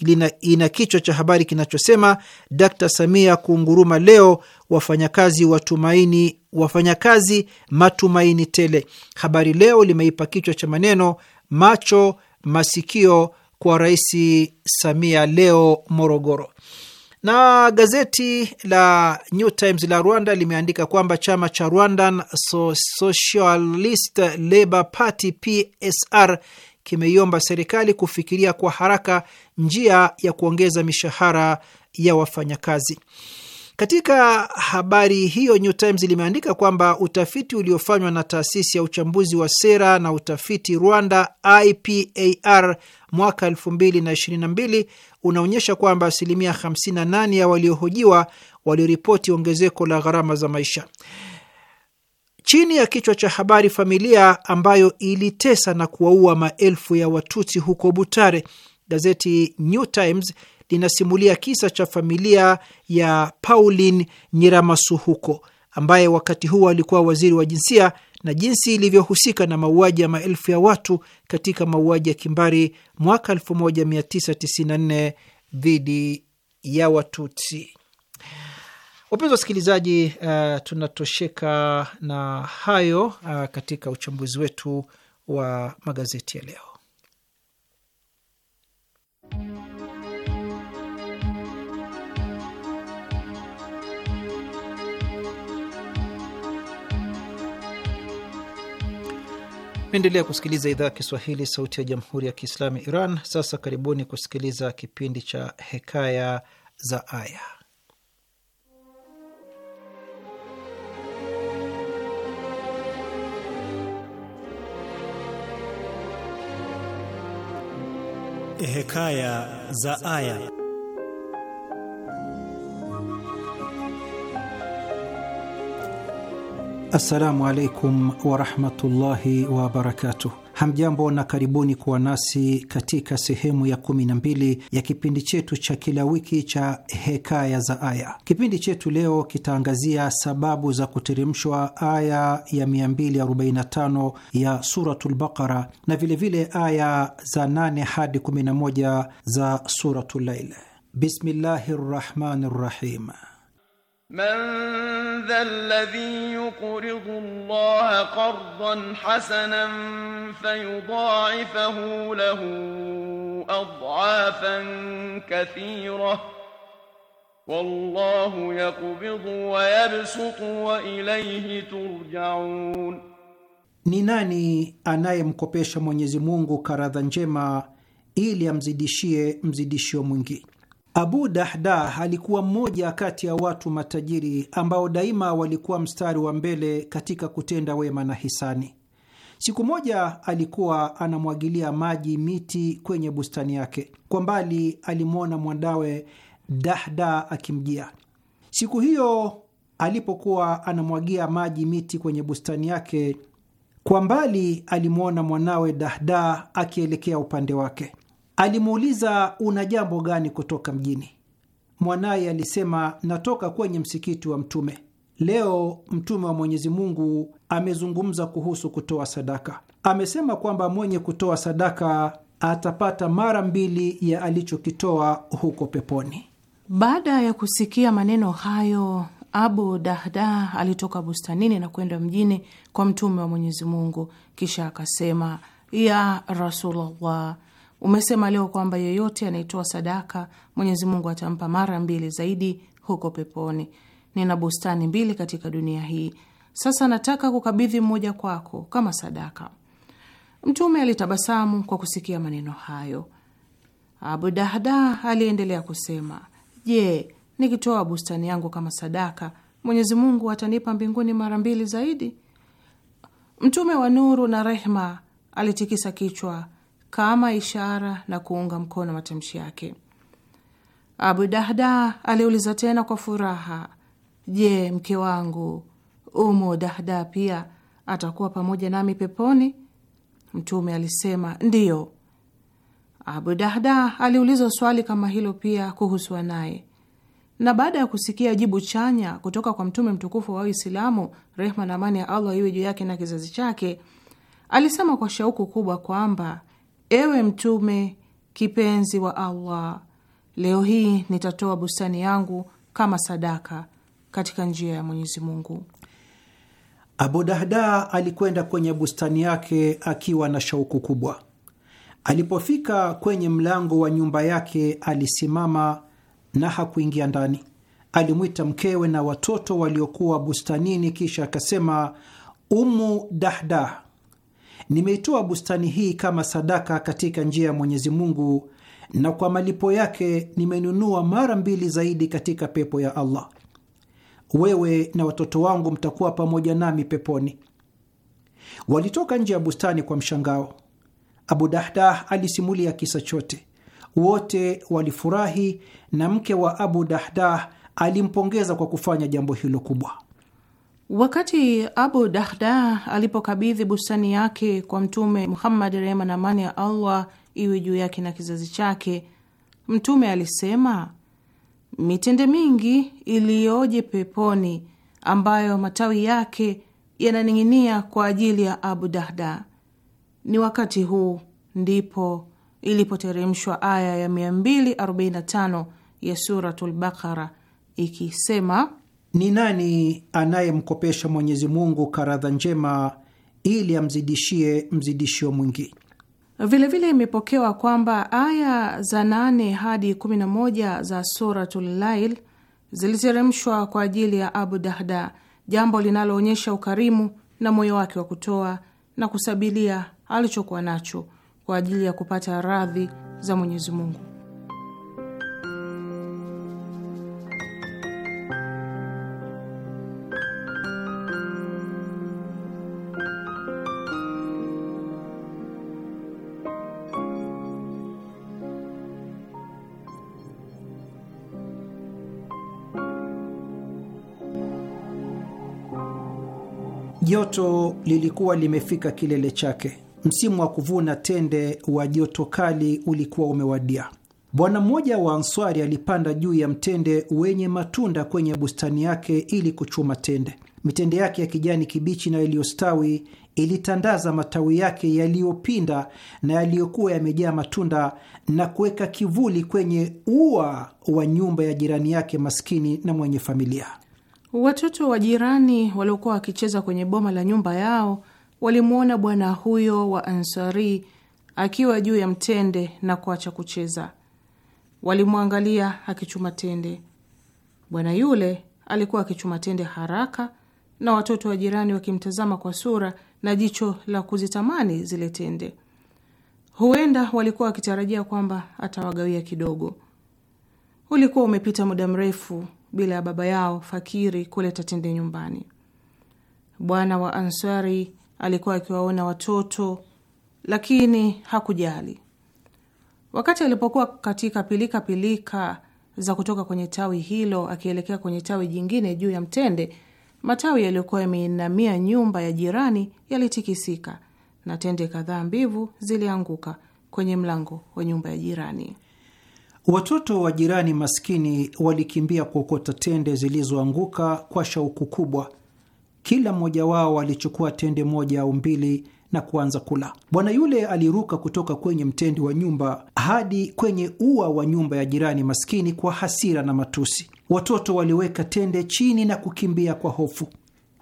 lina, ina kichwa cha habari kinachosema Dkt. Samia kunguruma leo, wafanyakazi watumaini, wafanyakazi matumaini tele. Habari Leo limeipa kichwa cha maneno macho, masikio kwa Rais Samia leo Morogoro. Na gazeti la New Times la Rwanda limeandika kwamba chama cha Rwandan Socialist Labour Party PSR kimeiomba serikali kufikiria kwa haraka njia ya kuongeza mishahara ya wafanyakazi. Katika habari hiyo, New Times limeandika kwamba utafiti uliofanywa na taasisi ya uchambuzi wa sera na utafiti Rwanda IPAR mwaka 2022 unaonyesha kwamba asilimia 58 ya waliohojiwa waliripoti ongezeko la gharama za maisha. Chini ya kichwa cha habari familia ambayo ilitesa na kuwaua maelfu ya Watutsi huko Butare, gazeti New Times linasimulia kisa cha familia ya Pauline Nyiramasuhuko ambaye wakati huo alikuwa waziri wa jinsia na jinsi ilivyohusika na mauaji ya maelfu ya watu katika mauaji ya kimbari mwaka 1994 dhidi ya Watutsi. Wapenzi wasikilizaji, uh, tunatosheka na hayo uh, katika uchambuzi wetu wa magazeti ya leo. Naendelea kusikiliza idhaa ya Kiswahili, sauti ya jamhuri ya kiislamu Iran. Sasa karibuni kusikiliza kipindi cha Hekaya za Aya. Hekaya za Aya. Assalamu alaikum warahmatullahi wabarakatuh. Hamjambo na karibuni kuwa nasi katika sehemu ya kumi na mbili ya kipindi chetu cha kila wiki cha Hekaya za Aya. Kipindi chetu leo kitaangazia sababu za kuteremshwa aya ya 245 ya Suratul Baqara na vilevile vile aya za 8 hadi 11 za Suratul Lail. Bismillahi rrahmani rrahim من ذا الذي يقرض الله قرضا حسنا فيضاعفه له أضعافا كثيرة والله يقبض ويبسط وإليه ترجعون Ni nani anayemkopesha Mwenyezi Mungu karadha njema ili amzidishie mzidishio mwingine Abu Dahda alikuwa mmoja kati ya watu matajiri ambao daima walikuwa mstari wa mbele katika kutenda wema na hisani. Siku moja alikuwa anamwagilia maji miti kwenye bustani yake. Kwa mbali alimwona mwanawe Dahda akimjia. Siku hiyo alipokuwa anamwagia maji miti kwenye bustani yake, kwa mbali alimwona mwanawe Dahda akielekea upande wake. Alimuuliza, una jambo gani kutoka mjini? Mwanaye alisema, natoka kwenye msikiti wa Mtume. Leo Mtume wa Mwenyezi Mungu amezungumza kuhusu kutoa sadaka. Amesema kwamba mwenye kutoa sadaka atapata mara mbili ya alichokitoa huko peponi. Baada ya kusikia maneno hayo, Abu Dahda alitoka bustanini na kwenda mjini kwa Mtume wa Mwenyezi Mungu, kisha akasema, ya Rasulullah, Umesema leo kwamba yeyote anaitoa sadaka Mwenyezi Mungu atampa mara mbili zaidi huko peponi. Nina bustani mbili katika dunia hii, sasa nataka kukabidhi mmoja kwako kama sadaka. Mtume alitabasamu kwa kusikia maneno hayo. Abu Dahda aliendelea kusema, je, nikitoa bustani yangu kama sadaka Mwenyezi Mungu atanipa mbinguni mara mbili zaidi? Mtume wa nuru na rehma alitikisa kichwa kama ishara na kuunga mkono matamshi yake. Abu Dahda aliuliza tena kwa furaha, je, mke wangu Umu Dahda pia atakuwa pamoja nami peponi? Mtume alisema ndiyo. Abu Dahda aliuliza swali kama hilo pia kuhusu naye, na baada ya kusikia jibu chanya kutoka kwa Mtume mtukufu wa Uislamu, rehma na amani ya Allah iwe juu yake na kizazi chake, alisema kwa shauku kubwa kwamba Ewe Mtume kipenzi wa Allah, leo hii nitatoa bustani yangu kama sadaka katika njia ya Mwenyezi Mungu. Abu Dahda alikwenda kwenye bustani yake akiwa na shauku kubwa. Alipofika kwenye mlango wa nyumba yake, alisimama na hakuingia ndani. Alimwita mkewe na watoto waliokuwa bustanini, kisha akasema, Umu Dahda, Nimeitoa bustani hii kama sadaka katika njia ya Mwenyezi Mungu, na kwa malipo yake nimenunua mara mbili zaidi katika pepo ya Allah. Wewe na watoto wangu mtakuwa pamoja nami peponi. Walitoka nje ya bustani kwa mshangao. Abu Dahdah alisimulia kisa chote. Wote walifurahi na mke wa Abu Dahdah alimpongeza kwa kufanya jambo hilo kubwa. Wakati Abu Dahda alipokabidhi bustani yake kwa Mtume Muhammad, rehema na amani ya Allah iwe juu yake na kizazi chake, Mtume alisema, mitende mingi iliyoje peponi ambayo matawi yake yananing'inia kwa ajili ya Abu Dahda. Ni wakati huu ndipo ilipoteremshwa aya ya 245 ya Suratul Baqara ikisema ni nani anayemkopesha Mwenyezi Mungu karadha njema ili amzidishie mzidishio mwingi? Vilevile imepokewa kwamba aya za nane hadi kumi na moja za Suratul Lail ziliteremshwa kwa ajili ya Abu Dahda, jambo linaloonyesha ukarimu na moyo wake wa kutoa na kusabilia alichokuwa nacho kwa ajili ya kupata radhi za Mwenyezi Mungu. Joto lilikuwa limefika kilele chake. Msimu wa kuvuna tende wa joto kali ulikuwa umewadia. Bwana mmoja wa Answari alipanda juu ya mtende wenye matunda kwenye bustani yake ili kuchuma tende. Mitende yake ya kijani kibichi na iliyostawi ilitandaza matawi yake yaliyopinda na yaliyokuwa yamejaa matunda na kuweka kivuli kwenye ua wa nyumba ya jirani yake maskini na mwenye familia. Watoto wa jirani waliokuwa wakicheza kwenye boma la nyumba yao walimwona bwana huyo wa Ansari akiwa juu ya mtende na kuacha kucheza. Walimwangalia akichuma tende. Bwana yule alikuwa akichuma tende haraka, na watoto wa jirani wakimtazama kwa sura na jicho la kuzitamani zile tende. Huenda walikuwa wakitarajia kwamba atawagawia kidogo. Ulikuwa umepita muda mrefu bila ya baba yao fakiri kuleta tende nyumbani. Bwana wa Ansari alikuwa akiwaona watoto, lakini hakujali. Wakati alipokuwa katika pilika pilika za kutoka kwenye tawi hilo akielekea kwenye tawi jingine juu ya mtende, matawi yaliyokuwa yameinamia nyumba ya jirani yalitikisika na tende kadhaa mbivu zilianguka kwenye mlango wa nyumba ya jirani. Watoto wa jirani maskini walikimbia kuokota tende zilizoanguka kwa shauku kubwa. Kila mmoja wao alichukua tende moja au mbili na kuanza kula. Bwana yule aliruka kutoka kwenye mtende wa nyumba hadi kwenye ua wa nyumba ya jirani maskini kwa hasira na matusi. Watoto waliweka tende chini na kukimbia kwa hofu.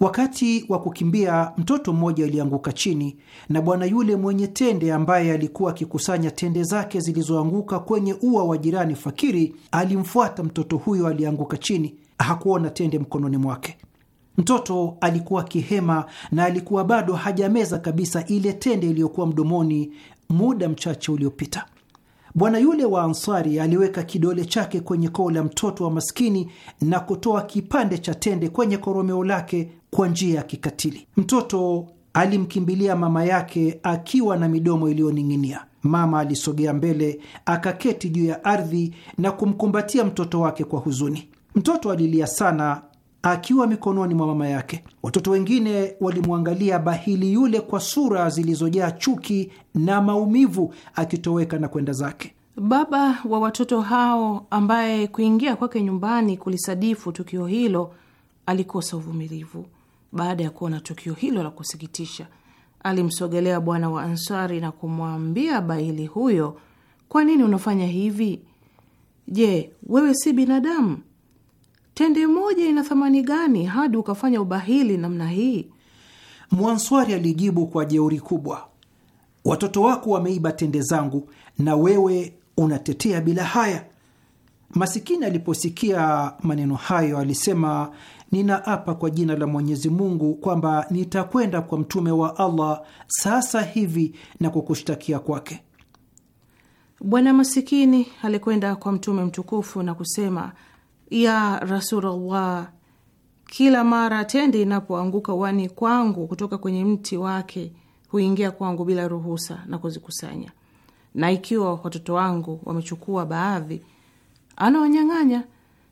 Wakati wa kukimbia, mtoto mmoja alianguka chini na bwana yule mwenye tende ambaye alikuwa akikusanya tende zake zilizoanguka kwenye ua wa jirani fakiri alimfuata mtoto huyo aliyeanguka chini. Hakuona tende mkononi mwake. Mtoto alikuwa kihema na alikuwa bado hajameza kabisa ile tende iliyokuwa mdomoni muda mchache uliopita. Bwana yule wa Ansari aliweka kidole chake kwenye koo la mtoto wa maskini na kutoa kipande cha tende kwenye koromeo lake kwa njia ya kikatili. Mtoto alimkimbilia mama yake akiwa na midomo iliyoning'inia. Mama alisogea mbele, akaketi juu ya ardhi na kumkumbatia mtoto wake kwa huzuni. Mtoto alilia sana akiwa mikononi mwa mama yake. Watoto wengine walimwangalia bahili yule kwa sura zilizojaa chuki na maumivu, akitoweka na kwenda zake. Baba wa watoto hao ambaye kuingia kwake nyumbani kulisadifu tukio hilo, alikosa uvumilivu. Baada ya kuona tukio hilo la kusikitisha, alimsogelea bwana wa Ansari na kumwambia baili huyo, kwa nini unafanya hivi? Je, wewe si binadamu? Tende moja ina thamani gani hadi ukafanya ubahili namna hii? Mwanswari alijibu kwa jeuri kubwa, watoto wako wameiba tende zangu na wewe unatetea bila haya. Masikini aliposikia maneno hayo alisema, Ninaapa kwa jina la Mwenyezi Mungu kwamba nitakwenda kwa mtume wa Allah sasa hivi na kukushtakia kwake. Bwana masikini alikwenda kwa mtume mtukufu na kusema, ya Rasulullah, kila mara tende inapoanguka wani kwangu kutoka kwenye mti wake huingia kwangu bila ruhusa na kuzikusanya, na ikiwa watoto wangu wamechukua baadhi, anawanyang'anya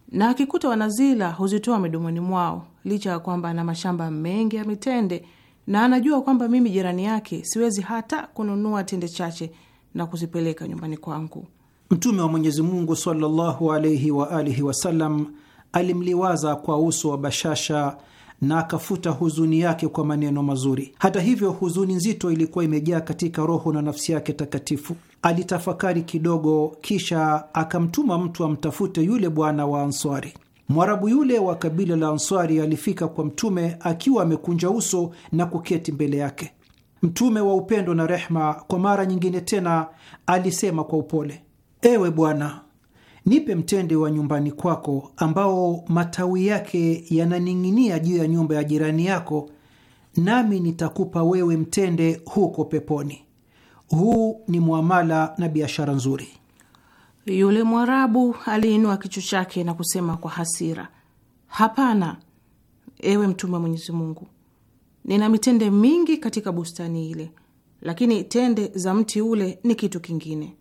na akikuta wanazila huzitoa midomoni mwao, licha ya kwamba ana mashamba mengi ya mitende na anajua kwamba mimi jirani yake siwezi hata kununua tende chache na kuzipeleka nyumbani kwangu. Mtume wa Mwenyezi Mungu sallallahu alaihi wa alihi wasallam alimliwaza kwa uso wa bashasha na akafuta huzuni yake kwa maneno mazuri. Hata hivyo, huzuni nzito ilikuwa imejaa katika roho na nafsi yake takatifu. Alitafakari kidogo, kisha akamtuma mtu amtafute yule bwana wa Answari. Mwarabu yule wa kabila la Answari alifika kwa Mtume akiwa amekunja uso na kuketi mbele yake. Mtume wa upendo na rehma, kwa mara nyingine tena, alisema kwa upole, ewe bwana Nipe mtende wa nyumbani kwako ambao matawi yake yananing'inia juu ya nyumba ya jirani yako, nami nitakupa wewe mtende huko peponi. Huu ni mwamala na biashara nzuri. Yule Mwarabu aliinua kichwa chake na kusema kwa hasira, hapana, ewe Mtume wa Mwenyezi Mungu, nina mitende mingi katika bustani ile, lakini tende za mti ule ni kitu kingine.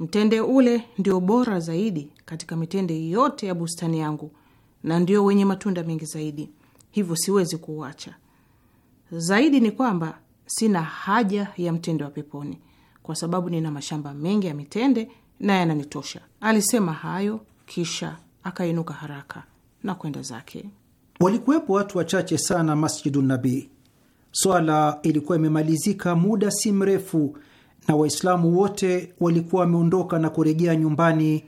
Mtende ule ndio bora zaidi katika mitende yote ya bustani yangu na ndio wenye matunda mengi zaidi, hivyo siwezi kuuacha. Zaidi ni kwamba sina haja ya mtende wa peponi kwa sababu nina mashamba mengi ya mitende na yananitosha. Alisema hayo kisha akainuka haraka na kwenda zake. Walikuwepo watu wachache sana Masjidu Nabii. Swala ilikuwa imemalizika muda si mrefu na Waislamu wote walikuwa wameondoka na kurejea nyumbani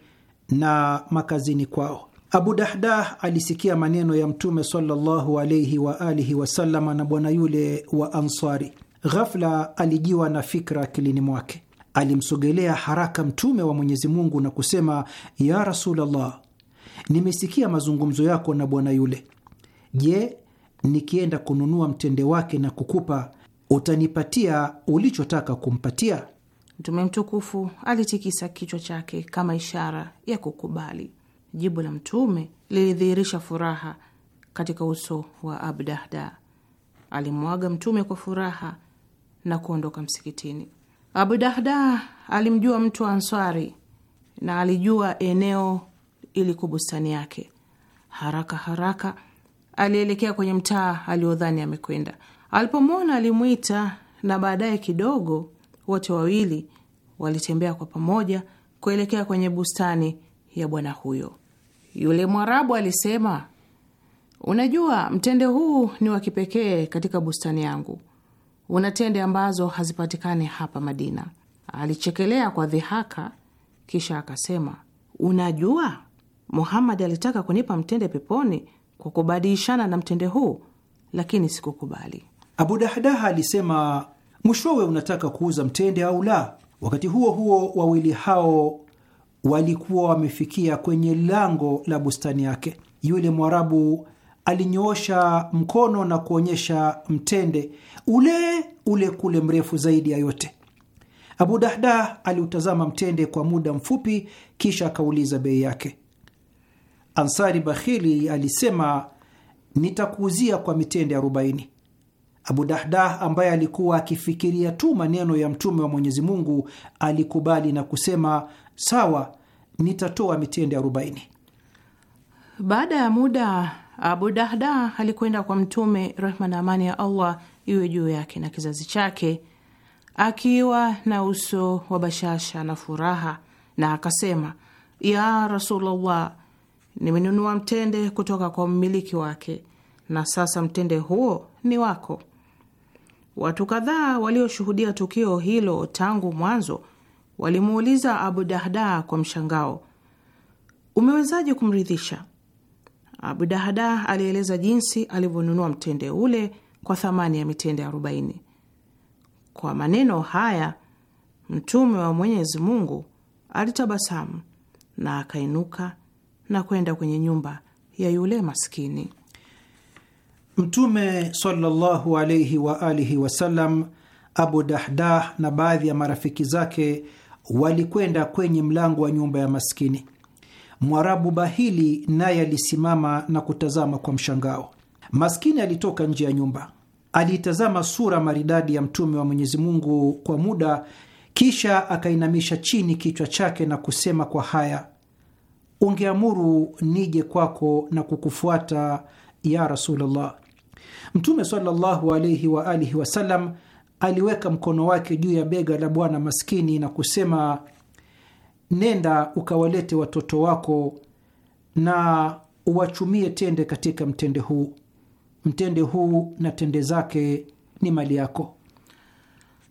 na makazini kwao. Abu Dahdah alisikia maneno ya Mtume sallallahu alaihi wa alihi wasallam na bwana yule wa Ansari. Ghafla alijiwa na fikra akilini mwake. Alimsogelea haraka Mtume wa Mwenyezi Mungu na kusema, ya Rasulullah, nimesikia mazungumzo yako na bwana yule. Je, nikienda kununua mtende wake na kukupa, utanipatia ulichotaka kumpatia? Mtume mtukufu alitikisa kichwa chake kama ishara ya kukubali. Jibu la Mtume lilidhihirisha furaha katika uso wa Abdahda. Alimwaga Mtume kwa furaha na kuondoka msikitini. Abudahda alimjua mtu wa Answari na alijua eneo iliku bustani yake. Haraka haraka alielekea kwenye mtaa aliodhani amekwenda. Alipomwona alimwita, na baadaye kidogo wote wawili walitembea kwa pamoja kuelekea kwenye bustani ya bwana huyo. Yule Mwarabu alisema, unajua, mtende huu ni wa kipekee katika bustani yangu, una tende ambazo hazipatikani hapa Madina. Alichekelea kwa dhihaka, kisha akasema, unajua, Muhammad alitaka kunipa mtende peponi kwa kubadilishana na mtende huu, lakini sikukubali. Abu Dahdaha alisema mwishowe unataka kuuza mtende au la? Wakati huo huo, wawili hao walikuwa wamefikia kwenye lango la bustani yake. Yule Mwarabu alinyoosha mkono na kuonyesha mtende ule ule kule mrefu zaidi ya yote. Abu Dahda aliutazama mtende kwa muda mfupi, kisha akauliza bei yake. Ansari Bakhili alisema, nitakuuzia kwa mitende arobaini. Abu Dahdah ambaye alikuwa akifikiria tu maneno ya Mtume wa Mwenyezi Mungu alikubali na kusema sawa, nitatoa mitende arobaini. Baada ya muda, Abu dahda alikwenda kwa Mtume, rehma na amani ya Allah iwe juu yake na kizazi chake, akiwa na uso wa bashasha na furaha, na akasema ya Rasulullah, nimenunua mtende kutoka kwa mmiliki wake na sasa mtende huo ni wako. Watu kadhaa walioshuhudia tukio hilo tangu mwanzo walimuuliza Abu Dahda kwa mshangao, umewezaje kumridhisha? Abu Dahda alieleza jinsi alivyonunua mtende ule kwa thamani ya mitende arobaini. Kwa maneno haya Mtume wa Mwenyezi Mungu alitabasamu na akainuka na kwenda kwenye nyumba ya yule maskini. Mtume sallallahu alaihi wa alihi wasallam, Abu Dahdah na baadhi ya marafiki zake walikwenda kwenye mlango wa nyumba ya maskini. Mwarabu bahili naye alisimama na kutazama kwa mshangao. Maskini alitoka nje ya nyumba, aliitazama sura maridadi ya mtume wa Mwenyezi Mungu kwa muda, kisha akainamisha chini kichwa chake na kusema kwa haya, ungeamuru nije kwako na kukufuata ya Rasulullah. Mtume sallallahu alaihi wa alihi wasallam aliweka mkono wake juu ya bega la bwana maskini na kusema, nenda ukawalete watoto wako na uwachumie tende katika mtende huu, mtende huu na tende zake ni mali yako.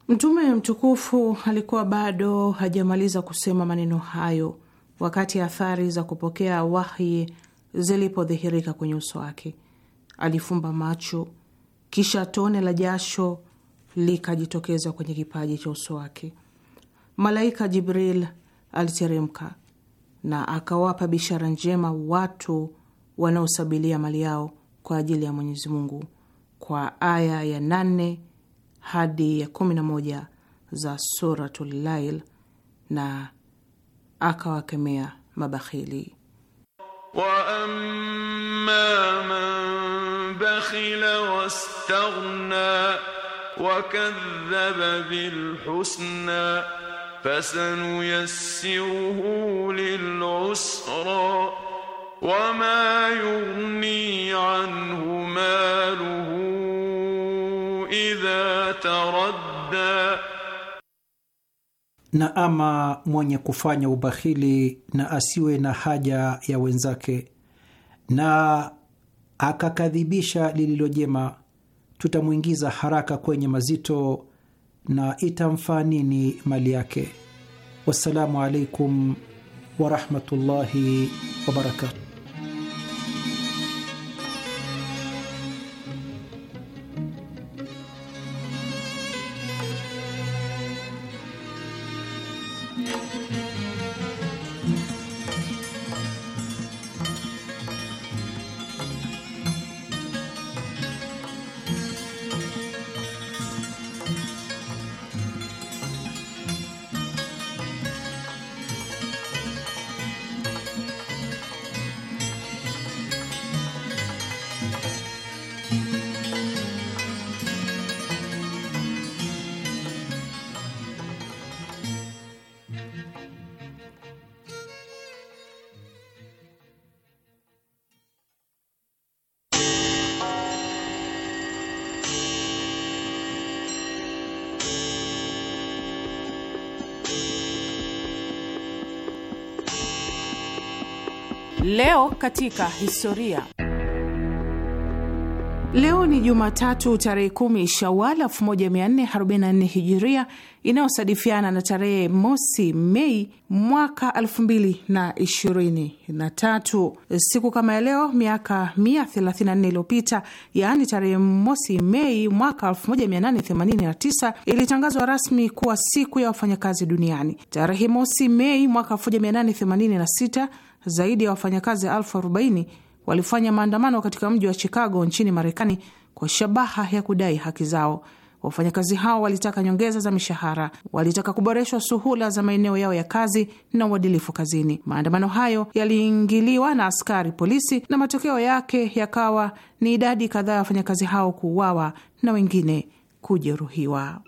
Mtume mtukufu alikuwa bado hajamaliza kusema maneno hayo wakati athari za kupokea wahyi zilipodhihirika kwenye uso wake. Alifumba macho, kisha tone la jasho likajitokeza kwenye kipaji cha uso wake. Malaika Jibril aliteremka na akawapa bishara njema watu wanaosabilia mali yao kwa ajili ya Mwenyezi Mungu kwa aya ya nane hadi ya kumi na moja za Suratul Lail, na akawakemea mabakhili. واما من بخل واستغنى وكذب بالحسنى فسنيسره للعسرى وما يغني عنه ماله اذا تردى Na ama mwenye kufanya ubahili na asiwe na haja ya wenzake na akakadhibisha lililo jema, tutamwingiza haraka kwenye mazito na itamfaa nini mali yake? Wassalamu alaikum warahmatullahi wabarakatu. Leo katika historia. Leo ni Jumatatu tarehe kumi Shawal 1444 Hijiria inayosadifiana na tarehe mosi Mei mwaka 2023. Siku kama ya leo miaka 134 iliyopita, yaani tarehe mosi Mei mwaka 1889 ilitangazwa rasmi kuwa siku ya wafanyakazi duniani. Tarehe mosi Mei mwaka 1886 zaidi ya wafanyakazi elfu arobaini walifanya maandamano katika mji wa Chicago nchini Marekani kwa shabaha ya kudai haki zao. Wafanyakazi hao walitaka nyongeza za mishahara, walitaka kuboreshwa suhula za maeneo yao ya kazi na uadilifu kazini. Maandamano hayo yaliingiliwa na askari polisi na matokeo yake yakawa ni idadi kadhaa ya wafanyakazi hao kuuawa na wengine kujeruhiwa.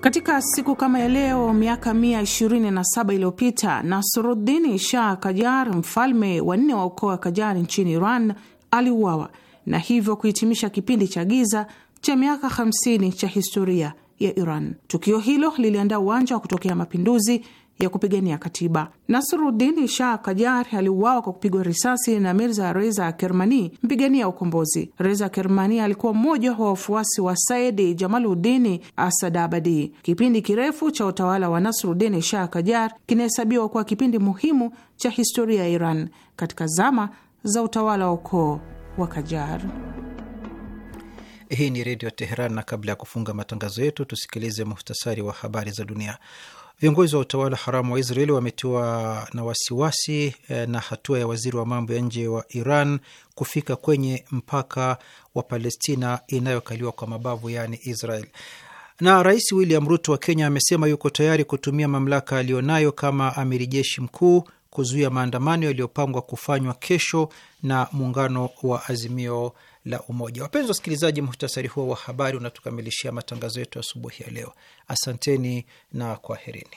Katika siku kama ya leo miaka saba iliyopita Nasruddini Shah Kajar, mfalme wa nne wa ukoo wa Kajar nchini Iran, aliuawa na hivyo kuhitimisha kipindi cha giza cha miaka 50 cha historia ya Iran. Tukio hilo liliandaa uwanja wa kutokea mapinduzi ya kupigania katiba. Nasrudini Shah Kajar aliuawa kwa kupigwa risasi na Mirza Reza Kermani, mpigania ukombozi. Reza Kermani alikuwa mmoja wa wafuasi wa Saidi Jamaludini Asadabadi. Kipindi kirefu cha utawala wa Nasrudini Shah Kajar kinahesabiwa kuwa kipindi muhimu cha historia ya Iran katika zama za utawala wa ukoo wa Kajar. Hii ni Redio Teheran, na kabla ya kufunga matangazo yetu, tusikilize muhtasari wa habari za dunia. Viongozi wa utawala haramu wa Israeli wametiwa na wasiwasi eh, na hatua ya waziri wa mambo ya nje wa Iran kufika kwenye mpaka wa Palestina inayokaliwa kwa mabavu, yaani Israel. Na Rais William Ruto wa Kenya amesema yuko tayari kutumia mamlaka aliyonayo kama amiri jeshi mkuu kuzuia maandamano yaliyopangwa kufanywa kesho na muungano wa Azimio la umoja. Wapenzi wasikilizaji, muhtasari huo wa habari unatukamilishia matangazo yetu asubuhi ya leo. Asanteni na kwaherini.